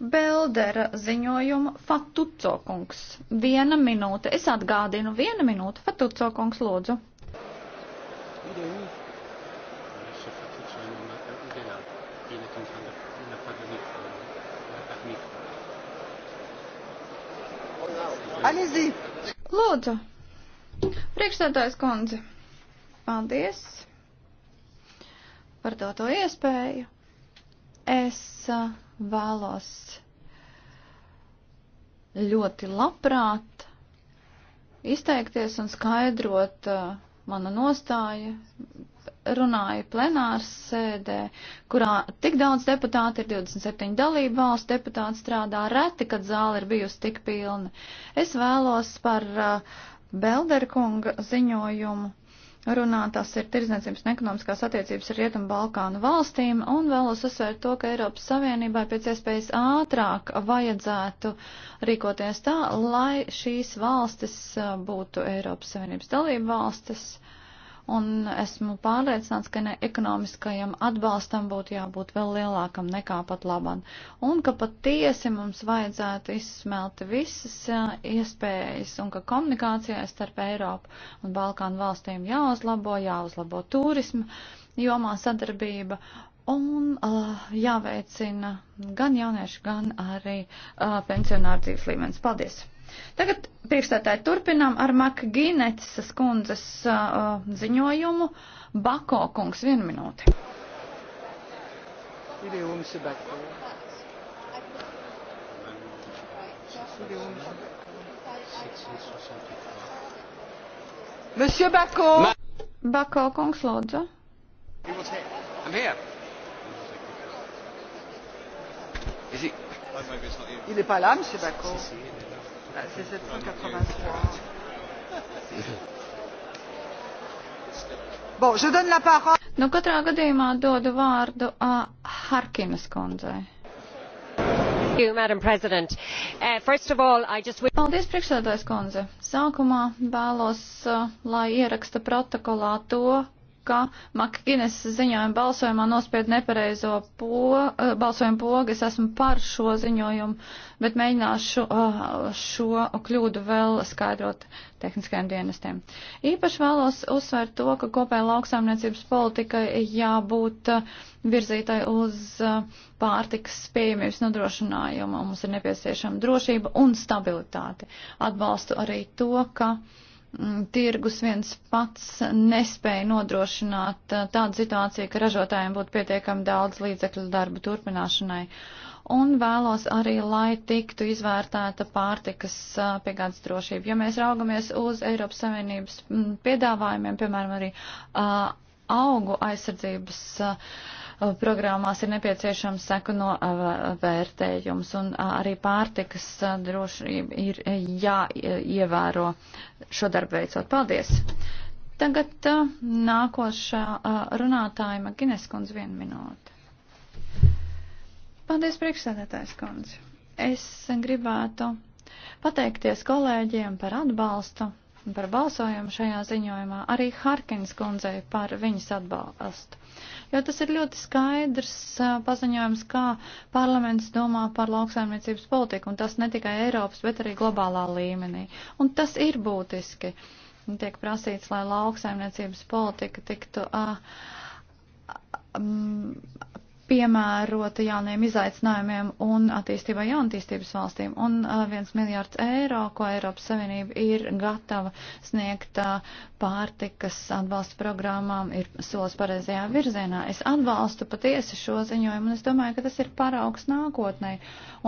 Beldera ziņojumu Fatuco kungs. Viena minūte. Es atgādinu, viena minūte. Fatuco kungs, lūdzu. Lūdzu. Priekšstādājs kundze. Paldies par doto iespēju. Es uh, vēlos ļoti labprāt izteikties un skaidrot uh, mana nostāja. Runāju plenārs sēdē, kurā tik daudz deputāti ir 27 dalību valsts deputāti strādā, reti, kad zāle ir bijusi tik pilna. Es vēlos par uh, Belderkunga ziņojumu runātās ir tirdzniecības un ekonomiskās attiecības ar Rietumu Balkānu valstīm, un vēlos uzsvērt to, ka Eiropas Savienībai pēc iespējas ātrāk vajadzētu rīkoties tā, lai šīs valstis uh, būtu Eiropas Savienības dalība valstis. Uh, Un esmu pārliecināts, ka ne ekonomiskajam atbalstam būtu jābūt vēl lielākam nekā pat labam. Un ka patiesi mums vajadzētu izsmelt visas iespējas un ka komunikācijai starp Eiropu un Balkānu valstīm jāuzlabo, jāuzlabo turismu jomā sadarbība un uh, jāveicina gan jauniešu, gan arī uh, pensionāru dzīves līmenis. Paldies! Tagad priekšstādāji turpinām ar Maka Gīnecas kundzes uh, ziņojumu. Bako kungs, vienu minūti. Monsieur Bako! Bako kungs, lūdzu. I'm here. Is he? Il n'est pas là, Monsieur Bako. Si, si, il est là. Ah, c'est 783. Bon, je donne la parole. Nu, katrā gadījumā dodu vārdu uh, Harkinas kundzei. Uh, Paldies, priekšsēdājs kundze. Sākumā vēlos, uh, lai ieraksta protokolā to, ka Makgines ziņojuma balsojumā nospied nepareizo po, eh, balsojumu pogu. Es esmu par šo ziņojumu, bet mēģināšu eh, šo kļūdu vēl skaidrot tehniskajiem dienestiem. Īpaši vēlos uzsvērt to, ka kopēja lauksaimniecības politika jābūt eh, virzītai uz pārtikas spējamības nodrošinājumu. Mums ir nepieciešama drošība un stabilitāte. Atbalstu arī to, ka. Uh, Mm, tirgus viens pats nespēja nodrošināt uh, tādu situāciju, ka ražotājiem būtu pietiekami daudz līdzekļu darbu turpināšanai. Un vēlos arī, lai tiktu izvērtēta pārtikas uh, piegādes drošība. Ja mēs raugamies uz Eiropas Savienības mm, piedāvājumiem, piemēram, arī uh, augu aizsardzības. Uh, programmās ir nepieciešams seku no vērtējums un arī pārtikas drošība ir jāievēro šo darbu veicot. Paldies! Tagad nākošā runātāja Magines kundze vienu minūti. Paldies, priekšsēdētājs kundze. Es gribētu pateikties kolēģiem par atbalstu par balsojumu šajā ziņojumā, arī Harkins kundzei par viņas atbalstu. Jo tas ir ļoti skaidrs paziņojums, kā parlaments domā par lauksaimniecības politiku, un tas ne tikai Eiropas, bet arī globālā līmenī. Un tas ir būtiski. Tiek prasīts, lai lauksaimniecības politika tiktu. Uh, um, piemērota jauniem izaicinājumiem un attīstībai jaunatīstības valstīm. Un viens miljārds eiro, ko Eiropas Savienība ir gatava sniegt pārtikas atbalsta programmām, ir solis pareizajā virzienā. Es atbalstu patiesi šo ziņojumu un es domāju, ka tas ir paraugs nākotnē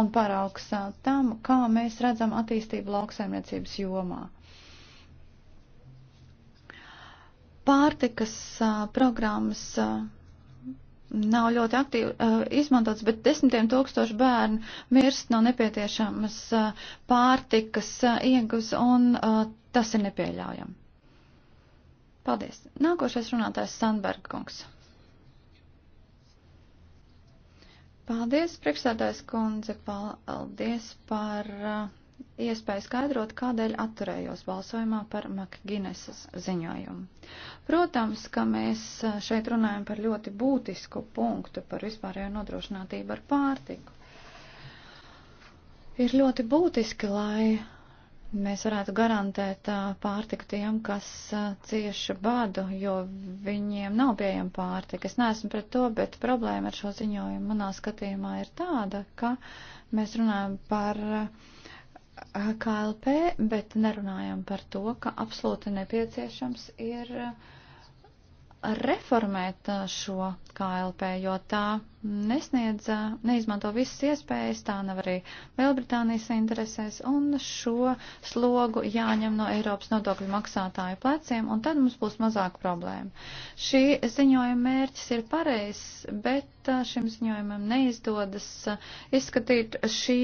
un paraugs tam, kā mēs redzam attīstību lauksaimniecības jomā. Pārtikas programmas. Uh, nav ļoti aktīvi uh, izmantots, bet desmitiem tūkstoši bērnu mirst no nepietiešamas uh, pārtikas uh, iegus, un uh, tas ir nepieļaujami. Paldies. Nākošais runātājs Sandberga kungs. Paldies, priekšsēdājs kundze, paldies par. Uh, iespēju skaidrot, kādēļ atturējos balsojumā par Makginesas ziņojumu. Protams, ka mēs šeit runājam par ļoti būtisku punktu par vispārējo nodrošinātību ar pārtiku. Ir ļoti būtiski, lai mēs varētu garantēt uh, pārtiku tiem, kas uh, cieši badu, jo viņiem nav pieejama pārtika. Es neesmu pret to, bet problēma ar šo ziņojumu manā skatījumā ir tāda, ka mēs runājam par uh, KLP, bet nerunājam par to, ka absolūti nepieciešams ir uh, reformēt uh, šo KLP, jo tā nesniedz, uh, neizmanto visas iespējas, tā nav arī Lielbritānijas interesēs, un šo slogu jāņem no Eiropas nodokļu maksātāju pleciem, un tad mums būs mazāk problēma. Šī ziņojuma mērķis ir pareizs, bet uh, šim ziņojumam neizdodas izskatīt šī,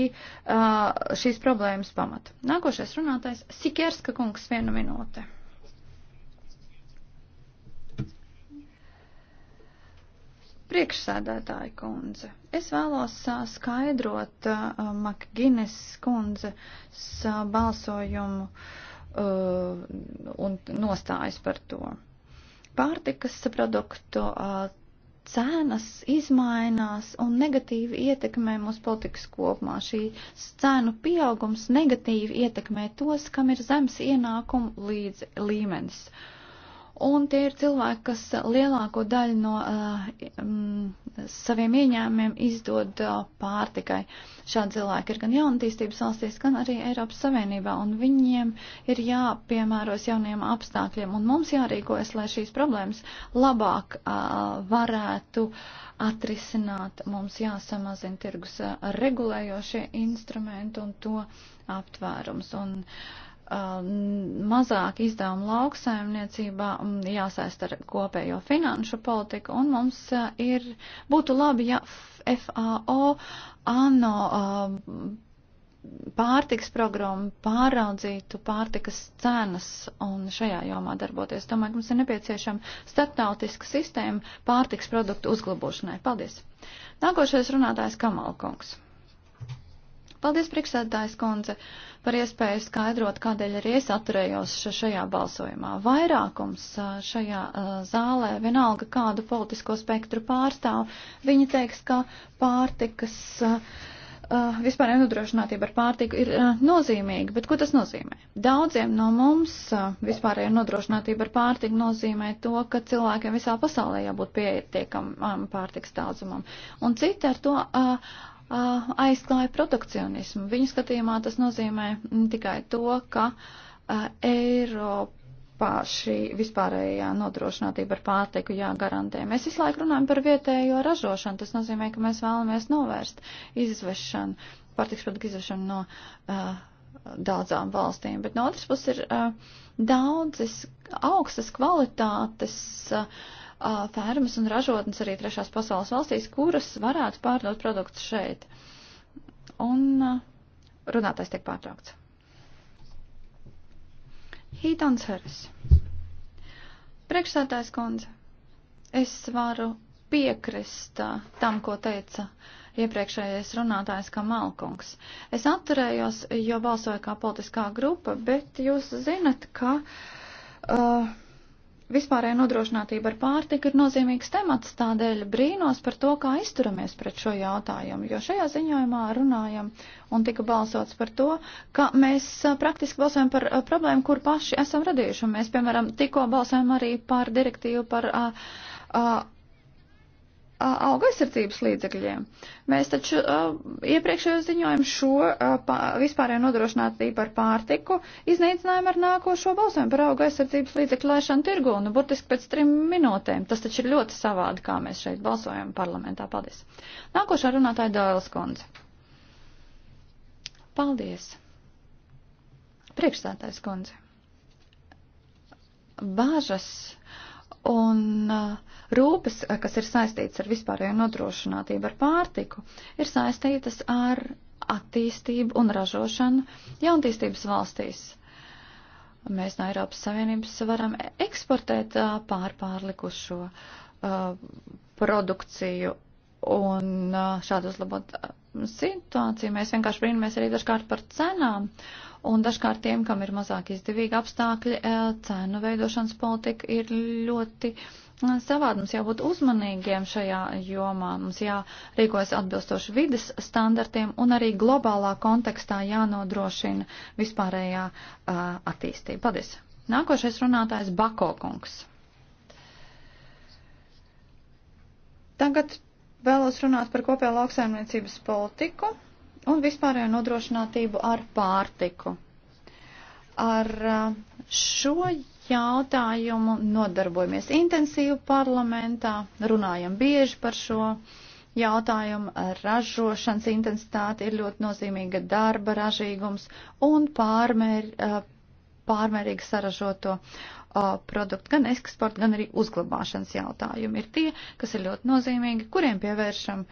šīs problēmas pamatu. Nākošais runātais - Sikerska kungs, viena minūte. Priekšsēdētāja kundze, es vēlos skaidrot uh, Makgines kundzes uh, balsojumu uh, un nostājas par to. Pārtikas produktu uh, cenas izmainās un negatīvi ietekmē mūsu politikas kopumā. Šī cēnu pieaugums negatīvi ietekmē tos, kam ir zems ienākumu līdz līmenis. Uh, Un tie ir cilvēki, kas lielāko daļu no uh, um, saviem ieņēmumiem izdod uh, pārtikai. Šādi cilvēki ir gan jaunatīstības valstīs, gan arī Eiropas Savienībā, un viņiem ir jāpiemēros jauniem apstākļiem, un mums jārīkojas, lai šīs problēmas labāk uh, varētu atrisināt. Mums jāsamazina tirgus uh, regulējošie instrumenti un to aptvērums. Un, uh, Um, mazāk izdevumu lauksaimniecībā um, jāsaist ar kopējo finanšu politiku, un mums uh, ir, būtu labi, ja FAO, ANO um, pārtiks programmu pāraudzītu pārtikas cenas un šajā jomā darboties. Domāju, ka mums ir nepieciešama starptautiska sistēma pārtiks produktu uzglabošanai. Paldies! Nākošais runātājs Kamalkungs. Paldies, priekšsēdājas kundze, par iespēju skaidrot, kādēļ arī es atturējos šajā balsojumā. Vairākums šajā zālē, vienalga kādu politisko spektru pārstāv, viņi teiks, ka pārtikas. Uh, vispār nenodrošinātība ar pārtiku ir uh, nozīmīga, bet ko tas nozīmē? Daudziem no mums uh, vispārējā nodrošinātība ar pārtiku nozīmē to, ka cilvēkiem visā pasaulē jābūt pietiekam um, pārtiks daudzumam. Un citi ar to uh, Uh, aizklāja protekcionismu. Viņa skatījumā tas nozīmē mm, tikai to, ka uh, Eiropā šī vispārējā nodrošinātība ar pārtiku jāgarantē. Mēs visu laiku runājam par vietējo ražošanu, tas nozīmē, ka mēs vēlamies novērst izvešanu, pārtiks produktu izvešanu no uh, daudzām valstīm, bet no otras puses ir uh, daudzas augstas kvalitātes. Uh, fermas un ražotnes arī trešās pasaules valstīs, kuras varētu pārdot produktus šeit. Un runātais tiek pārtraukts. Hītons Heres. Priekšsētājs kundze, es varu piekrist tam, ko teica iepriekšējais runātājs Kamalkungs. Es atturējos, jo balsoju kā politiskā grupa, bet jūs zinat, ka. Uh, vispārēja nodrošinātība ar pārtiku ir nozīmīgs temats, tādēļ brīnos par to, kā izturamies pret šo jautājumu, jo šajā ziņojumā runājam un tika balsots par to, ka mēs praktiski balsojam par problēmu, kur paši esam radījuši, un mēs, piemēram, tikko balsojam arī par direktīvu par. A, a, auga aizsardzības līdzekļiem. Mēs taču uh, iepriekšējo ziņojumu šo uh, pā, vispārējo nodrošinātību ar pārtiku iznīcinājām ar nākošo balsojumu par auga aizsardzības līdzekļu lēšanu tirgu, nu burtiski pēc trim minūtēm. Tas taču ir ļoti savādi, kā mēs šeit balsojam parlamentā. Paldies. Nākošā runātāja Dāles Kondze. Paldies. Priekšstātais Kondze. Bāžas Un uh, rūpes, uh, kas ir saistītas ar vispārējo nodrošinātību ar pārtiku, ir saistītas ar attīstību un ražošanu jauntīstības valstīs. Mēs no Eiropas Savienības varam eksportēt uh, pārpārlikušo uh, produkciju Un šādi uzlabot situāciju mēs vienkārši brīnamies arī dažkārt par cenām. Un dažkārt tiem, kam ir mazāk izdevīgi apstākļi, cenu veidošanas politika ir ļoti savāda. Mums jābūt uzmanīgiem šajā jomā. Mums jārīkojas atbilstoši vides standartiem un arī globālā kontekstā jānodrošina vispārējā uh, attīstība. Paldies! Nākošais runātājs Bako kungs. Tagad Vēlos runāt par kopējo lauksaimniecības politiku un vispārējo nodrošinātību ar pārtiku. Ar šo jautājumu nodarbojamies intensīvi parlamentā, runājam bieži par šo jautājumu. Ražošanas intensitāte ir ļoti nozīmīga, darba ražīgums un pārmēr, pārmērīgi saražoto uh, produktu, gan eksporta, gan arī uzglabāšanas jautājumi ir tie, kas ir ļoti nozīmīgi, kuriem pievēršam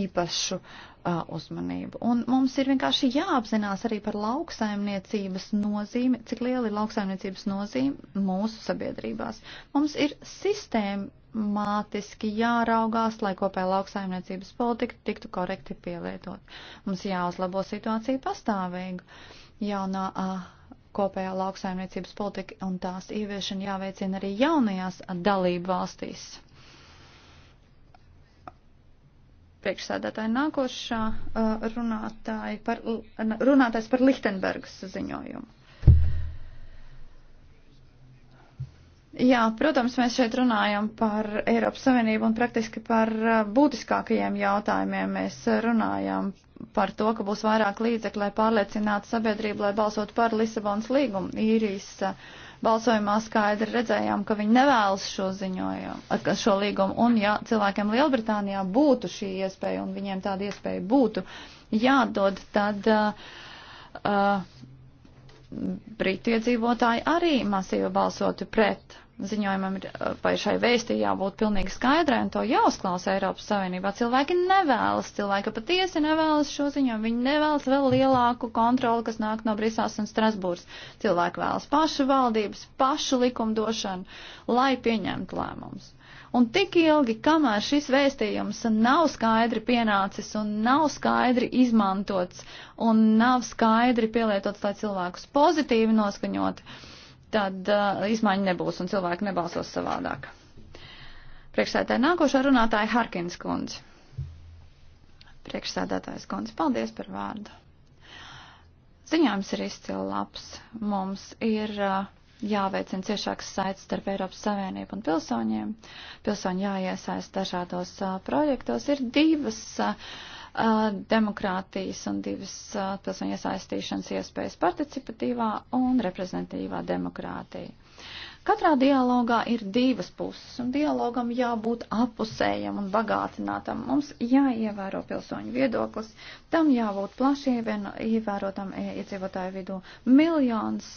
īpašu uh, uzmanību. Un mums ir vienkārši jāapzinās arī par lauksaimniecības nozīmi, cik liela ir lauksaimniecības nozīme mūsu sabiedrībās. Mums ir sistēma mātiski jāraugās, lai kopējā lauksaimniecības politika tiktu korekti pielietot. Mums jāuzlabo situācija pastāvīgi. Jaunā uh, Kopējā lauksaimniecības politika un tās ieviešana jāveicina arī jaunajās dalību valstīs. Priekšsēdētāji nākošā uh, runātāji par, runātājs par Lichtenbergas ziņojumu. Jā, protams, mēs šeit runājam par Eiropas Savienību un praktiski par uh, būtiskākajiem jautājumiem. Mēs runājam par to, ka būs vairāk līdzekļu, lai pārliecinātu sabiedrību, lai balsot par Lisabonas līgumu. Īrijas eh, balsojumā skaidri redzējām, ka viņi nevēlas šo ziņojumu, eh, šo līgumu. Un ja cilvēkiem Lielbritānijā būtu šī iespēja un viņiem tāda iespēja būtu jādod, tad. Uh, eh, Britu iedzīvotāji arī masīvi balsotu pret ziņojumam ir, eh, vai šai vēstī jābūt pilnīgi skaidrai un to jāuzklausa Eiropas Savienībā. Cilvēki nevēlas, cilvēki patiesi nevēlas šo ziņojumu, viņi nevēlas vēl lielāku kontroli, kas nāk no Brisās un Strasbūras. Cilvēki vēlas pašu valdības, pašu likumdošanu, lai pieņemtu lēmumus. Un tik ilgi, kamēr šis vēstījums nav skaidri pienācis un nav skaidri izmantots un nav skaidri pielietots, lai cilvēkus pozitīvi noskaņot, uh, tad uh, izmaiņa nebūs un cilvēki nebalsos savādāk. Priekšsēdētāja nākošā runātāja Harkins kundze. Priekšsēdētājs kundze, paldies par vārdu. Ziņojums ir izcili labs. Mums ir uh, jāveicina ciešāks saites starp Eiropas Savienību un pilsoņiem. Pilsoņi jāiesaist dažādos uh, projektos. Ir divas. Uh, demokrātijas un divas pilsoņu iesaistīšanas iespējas participatīvā un reprezentatīvā demokrātija. Katrā dialogā ir divas puses, un dialogam jābūt apusējam un bagātinātam. Mums jāievēro pilsoņu viedoklis, tam jābūt plaši ievērotam e, iedzīvotāju vidū. Miljons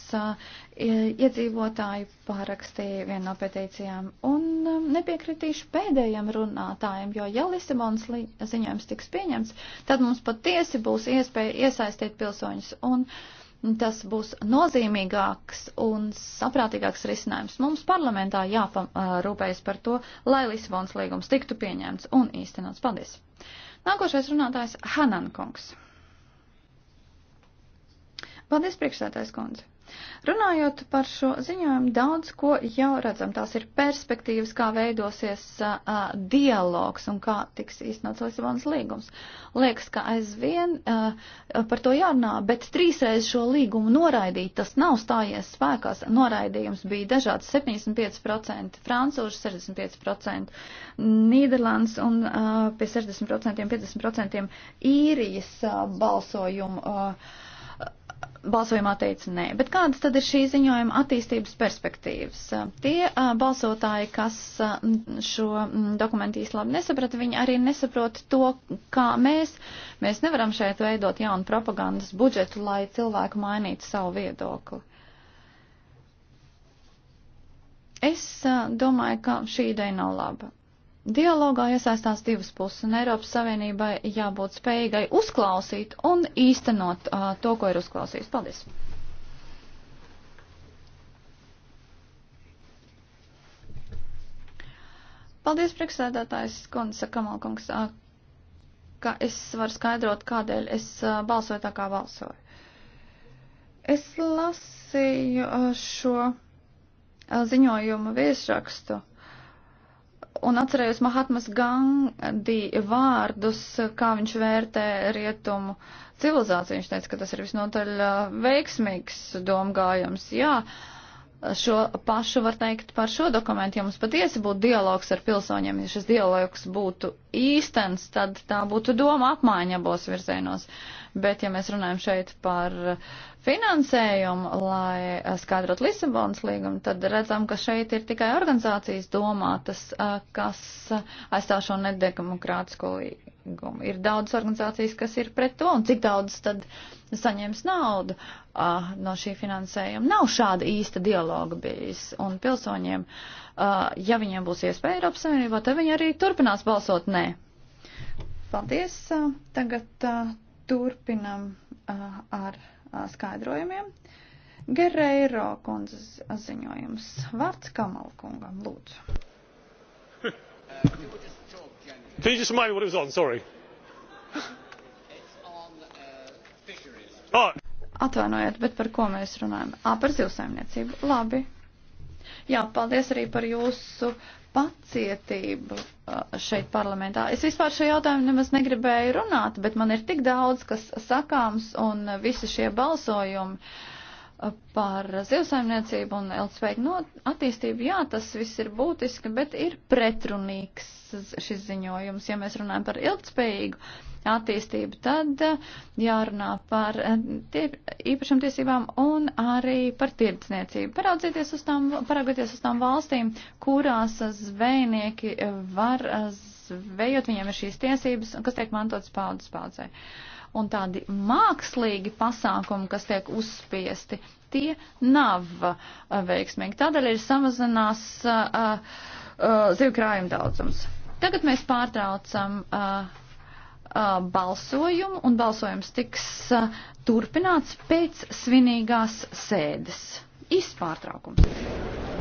iedzīvotāju pārakstīja vienu no petīcijām, un nepiekritīšu pēdējiem runātājiem, jo ja Lisabonas ziņojums tiks pieņemts, tad mums patiesi būs iespēja iesaistīt pilsoņus. Un, uh, tas būs nozīmīgāks un saprātīgāks risinājums. Mums parlamentā jāparūpējas par to, lai Lisabons līgums tiktu pieņemts un īstenots. Paldies! Nākošais runātājs Hanan Kungs. Paldies, priekšsētājs kundze! Runājot par šo ziņojumu, daudz ko jau redzam. Tās ir perspektīvas, kā veidosies uh, dialogs un kā tiks īstenots Lisabonas līgums. Liekas, ka aizvien uh, par to jārunā, bet trīsreiz šo līgumu noraidīt, tas nav stājies spēkās. Noraidījums bija dažāds 75%, francūži 65%, Nīderlands un uh, pie 60%, 50% īrijas uh, balsojumu. Uh, balsojumā teica nē. Bet kādas tad ir šī ziņojuma attīstības perspektīvas? Tie balsotāji, kas šo dokumentu īsti labi nesaprata, viņi arī nesaprot to, kā mēs, mēs nevaram šeit veidot jaunu propagandas budžetu, lai cilvēku mainītu savu viedokli. Es domāju, ka šī ideja nav laba. Dialogā iesaistās divas puses, un Eiropas Savienībai jābūt spējīgai uzklausīt un īstenot uh, to, ko ir uzklausījis. Paldies! Paldies, priekšsēdētājs Konsa Kamalkungs, uh, ka es varu skaidrot, kādēļ es uh, balsoju tā, kā balsoju. Es lasīju uh, šo uh, ziņojumu viesrakstu Un atcerējos Mahatmas Gandhi vārdus, kā viņš vērtē rietumu civilizāciju. Viņš teica, ka tas ir visnotaļ veiksmīgs domgājums. Jā, uh, šo pašu var teikt par šo dokumentu. Ja mums patiesi būtu dialogs ar pilsoņiem, ja šis dialogs būtu īstens, tad tā būtu doma apmaiņa abos virzienos. Bet, ja mēs runājam šeit par finansējumu, lai skaidrot Lisabonas līgumu, tad redzam, ka šeit ir tikai organizācijas domātas, kas aizstāv šo nedemokrātisko līgumu līgumu. Ir daudz organizācijas, kas ir pret to, un cik daudz tad saņems naudu uh, no šī finansējuma. Nav šāda īsta dialoga bijis, un pilsoņiem, uh, ja viņiem būs iespēja Eiropas Savienībā, tad viņi arī turpinās balsot nē. Paldies. Uh, tagad uh, turpinam uh, ar uh, skaidrojumiem. Gerēro kundzes ziņojums. Vārds Kamalkungam, lūdzu. Can you just remind me what it was on? Sorry. Oh. Atvainojiet, bet par ko mēs runājam? Ā, par zivsaimniecību. Labi. Jā, paldies arī par jūsu pacietību šeit parlamentā. Es vispār šo jautājumu nemaz negribēju runāt, bet man ir tik daudz, kas sakāms un visi šie balsojumi. Uh, par zivsaimniecību un ilgspējīgu attīstību, jā, tas viss ir būtiski, bet ir pretrunīgs šis ziņojums. Ja mēs runājam par ilgspējīgu attīstību, tad eh, jārunā par eh, tie, īpašam tiesībām un arī par tirdzniecību. Paraudzīties uz tām, paraugoties uz tām valstīm, kurās zvejnieki var eh, zvejot, viņiem ir šīs tiesības, kas tiek mantotas paudzes paudzē. paudzē. Un tādi mākslīgi pasākumi, kas tiek uzspiesti, tie nav uh, veiksmīgi. Tādēļ ir samazinās uh, uh, zivju krājuma daudzums. Tagad mēs pārtraucam uh, uh, balsojumu, un balsojums tiks uh, turpināts pēc svinīgās sēdes. Īsts pārtraukums.